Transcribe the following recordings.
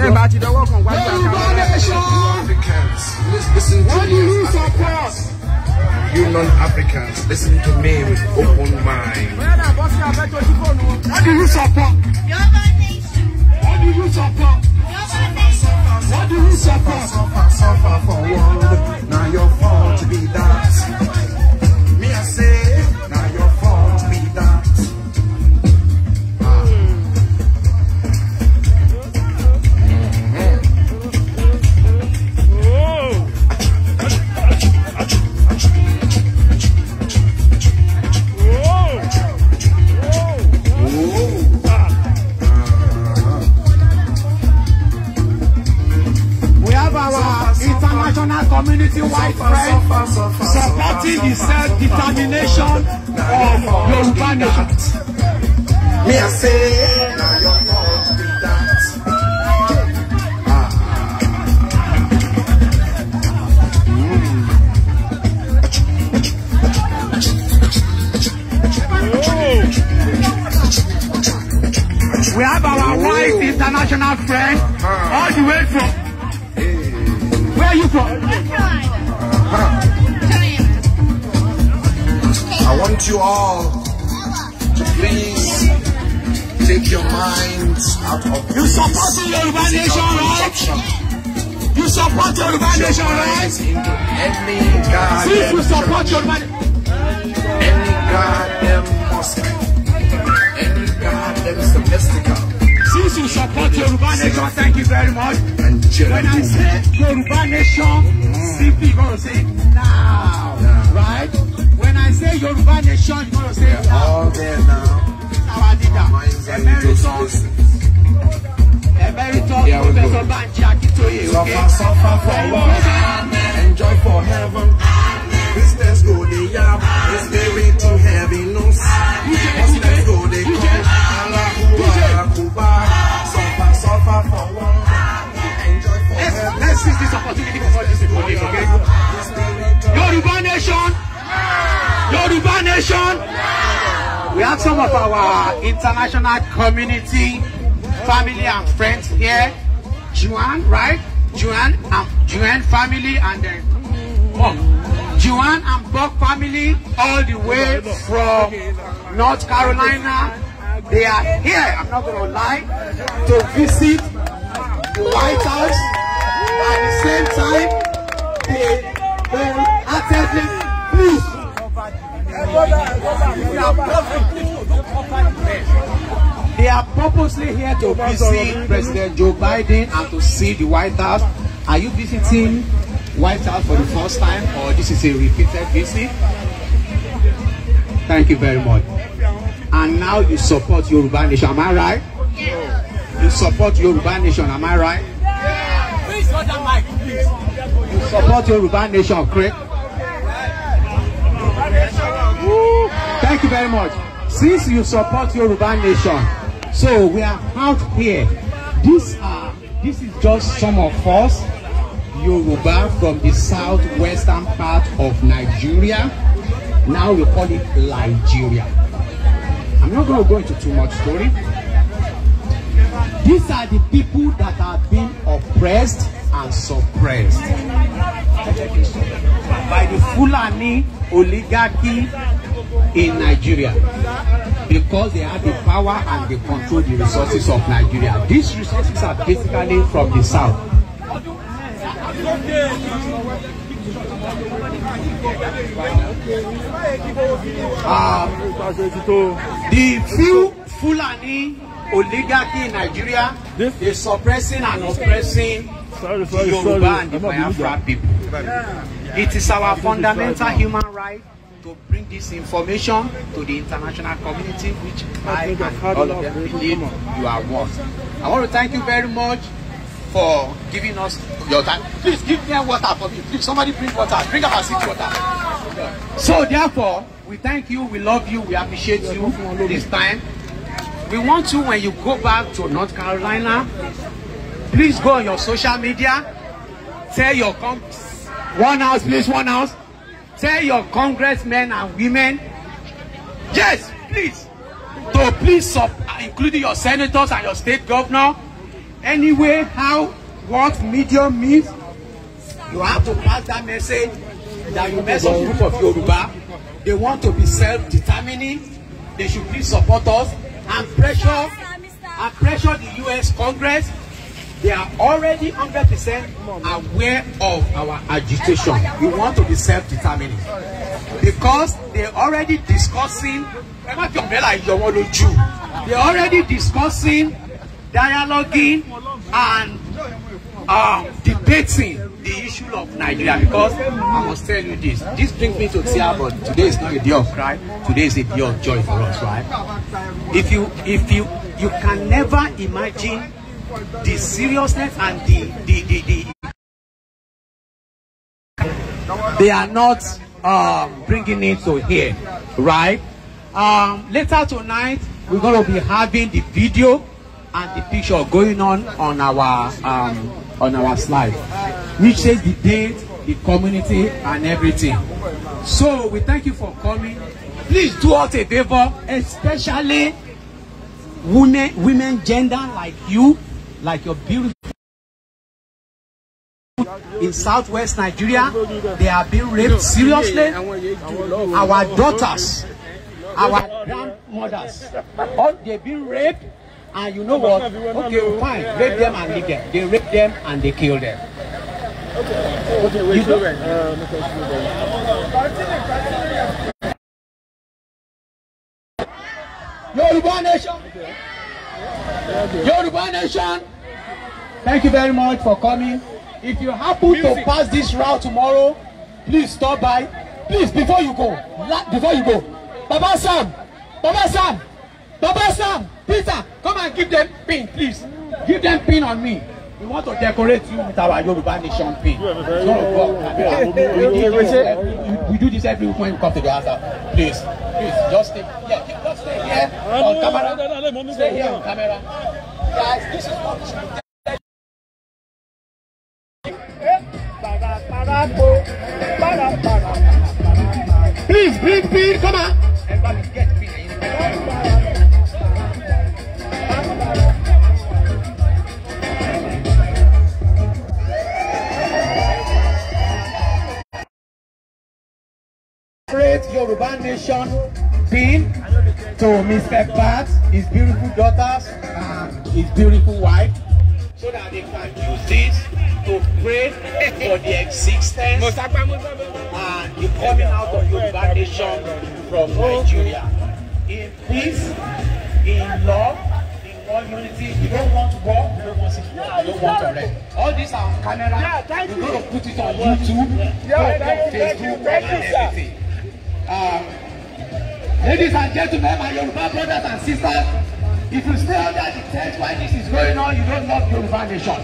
you non-Africans, listen to me with open mind. Oh. What do you support? What do you support? What do you support? Suffer, suffer for world. Now you're fault to be that. community-wide friends supporting the self-determination of Yoruba nation. your fault We have our wise international friends all the way from I want you all to please take your minds out of You support the nation, right? You support the nation, right? Any goddamn See you support your Any goddamn mosque. Any goddamn this is support Yoruba Nation. Thank you very much. When I say Yoruba Nation, see people say now, right? When I say Yoruba Nation, you going to say now. Our leader, Emeritus, Emeritus Professor Banji Akintoye. Suffer, suffer for what? Enjoy for heaven. Christians go the yam. It's very to heaviness. What's We have some of our international community, family and friends here. Juan, right? Juan and Juan family and then Buck. Juan and Buck family all the way from North Carolina. They are here, I'm not gonna lie, to visit the White House. At the same time, they, will actively please They are purposely here to visit President Joe Biden and to see the White House. Are you visiting White House for the first time or this is a repeated visit? Thank you very much. And now you support Yoruba Nation, am I right? You support Yoruba Nation, am I right? Please hold that mic, please. You support Yoruba Nation, correct? Thank you very much. Since you support Yoruba Nation, so we are out here. This, are, this is just some of us, Yoruba from the southwestern part of Nigeria. Now we call it Nigeria. I'm not going to go into too much story. These are the people that have been oppressed and suppressed by the Fulani oligarchy in Nigeria because they have the power and they control the resources of Nigeria. These resources are basically from the south. Uh, the few Fulani oligarchy in Nigeria, is suppressing and oppressing sorry, sorry, Yoruba sorry. and the Biafra people. Yeah. It is our fundamental human right to bring this information to the international community, which I, and all of them believe you are one. I want to thank you very much for giving us your time. Please give them water for me. Please, somebody bring water. Bring our six water. So therefore, we thank you, we love you, we appreciate you this time. We want you when you go back to North Carolina, please go on your social media, tell your comps. One house, please, one house. Tell your congressmen and women, yes, please, to please, including your senators and your state governor, anyway, how, what media means, you have to pass that message that you met some group of Yoruba. They want to be self-determining. They should please support us and pressure, and pressure the U.S. Congress they are already 100% aware of our agitation. We want to be self-determining. Because they're already discussing, they're already discussing, dialoguing, and uh, debating the issue of Nigeria. Because I must tell you this, this brings me to tear, but today is not a day of cry, today is a day of joy for us, right? If you, if you, you can never imagine the seriousness and the the the, the they are not um, bringing it to here, right? Um, later tonight, we're going to be having the video and the picture going on on our um, on our slide, which says the date, the community, and everything. So we thank you for coming. Please do us a favor, especially women, women gender like you like your beautiful in southwest Nigeria, they are being raped seriously. Our daughters, our grandmothers, all they've been raped, and you know what? Okay, fine, rape them and leave them. They rape them and they kill them. Okay, wait, wait, wait. Uh, Yoruba nation. Okay. Yoruba Nation, thank you very much for coming. If you happen Music. to pass this route tomorrow, please stop by. Please, before you go, before you go, Baba Sam, Baba Sam, Baba Sam, Peter, come and give them pin, please. Give them pin on me. We want to decorate you with our Yoruba Nation pin. We do this every week when you come to the house. Please, please, just stay, yeah, keep, just stay here on camera. Stay here on camera. Guys, this is what we should do. Please bring pin, come on. great Yoruba nation been to Mr. Pat, his beautiful daughters, and his beautiful wife, so that they can use this to pray for the existence and the coming out of Yoruba nation from Nigeria. In peace, in love, in unity. You don't want war. You don't want security. You don't want unrest. All these are on camera. Yeah, thank You're going to put it on YouTube, yeah, thank you, on Facebook, you, and everything. Uh, ladies and gentlemen, my Yoruba brothers and sisters, if you stay under the tent while this is going on, you don't love Yoruba nation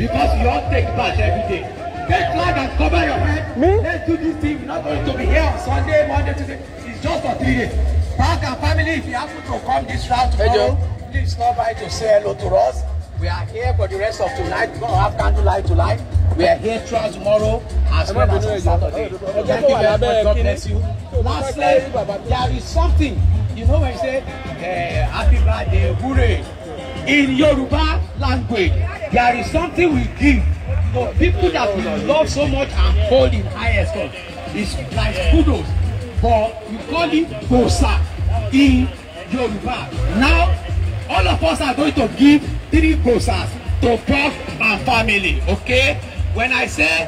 because you all take part every day. Take flag and cover your head. Me? Let's do this thing. We're not going to be here on Sunday, Monday, Tuesday. It's just for three days. Bank and family, if you happen to come this route tomorrow, please stop by to say hello to us. We are here for the rest of tonight. We don't have candlelight tonight. We are here throughout tomorrow as well as on Saturday. Thank you very much. God bless you. Lastly, there is something. You know when you say uh, happy birthday, hooray. In Yoruba language, there is something we give for people that we love so much and hold in highest. esteem. It's like kudos, but we call it bosa in Yoruba. Now, all of us are going to give three bosas to Prof and family, okay? When I say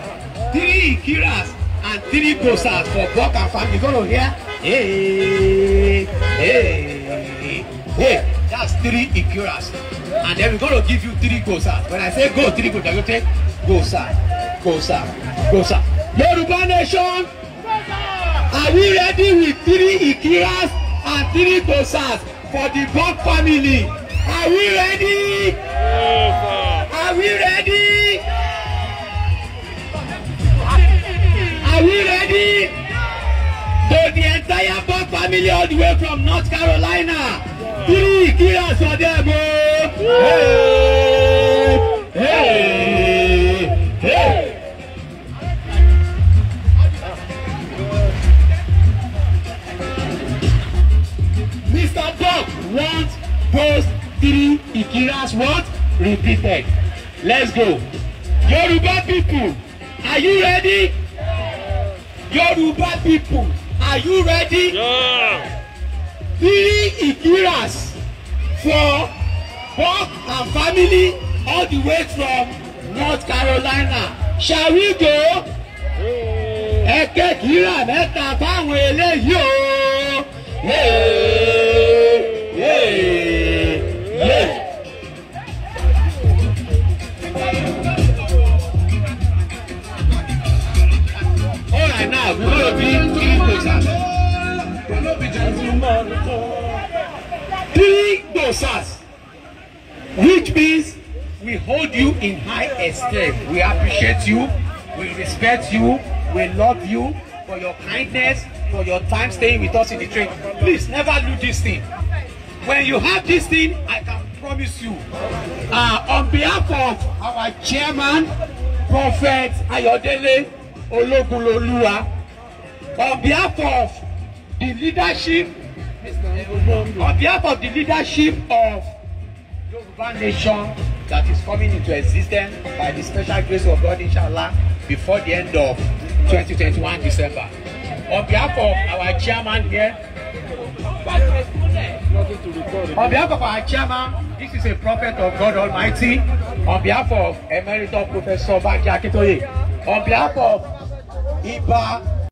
three Ikiras and three Bosas for Buck and family, you gonna hear? Hey, hey, hey. That's three Ikiras. And then we're gonna give you three Bosas. When I say go, three Bosas, you take Bosa, Bosa, Bosa. Yoruba Nation, are we ready with three Ikiras and three Bosas for the Buck family? Are we ready? Are we ready? Yes. Are we ready? To the entire Bob family all the way from North Carolina. Three killers for them. Oh. Hey! Hey! Hey! Mr. Bob wants those three Ikiras what? Repeated. Let's go. Yoruba people, are you ready? Yoruba people, are you ready? Yeah. Three Igiras for work and family all the way from North Carolina. Shall we go? Ẹ̀kẹ́ gírà mẹ́ta fáwọn eléyìí o. Hey. you in high esteem. We appreciate you, we respect you, we love you for your kindness, for your time staying with us in the train. Please never do this thing. When you have this thing, I can promise you. Uh, on behalf of our chairman, Prophet Ayodele Ologunloluwa, on behalf of the leadership, on behalf of the leadership of Yoruba Nation that is coming into existence by the special grace of God, inshallah, before the end of 2021 December. On behalf of our chairman here, on behalf of our chairman, this is a prophet of God Almighty. On behalf of Emeritus Professor Banji Akintoye, on behalf of Iba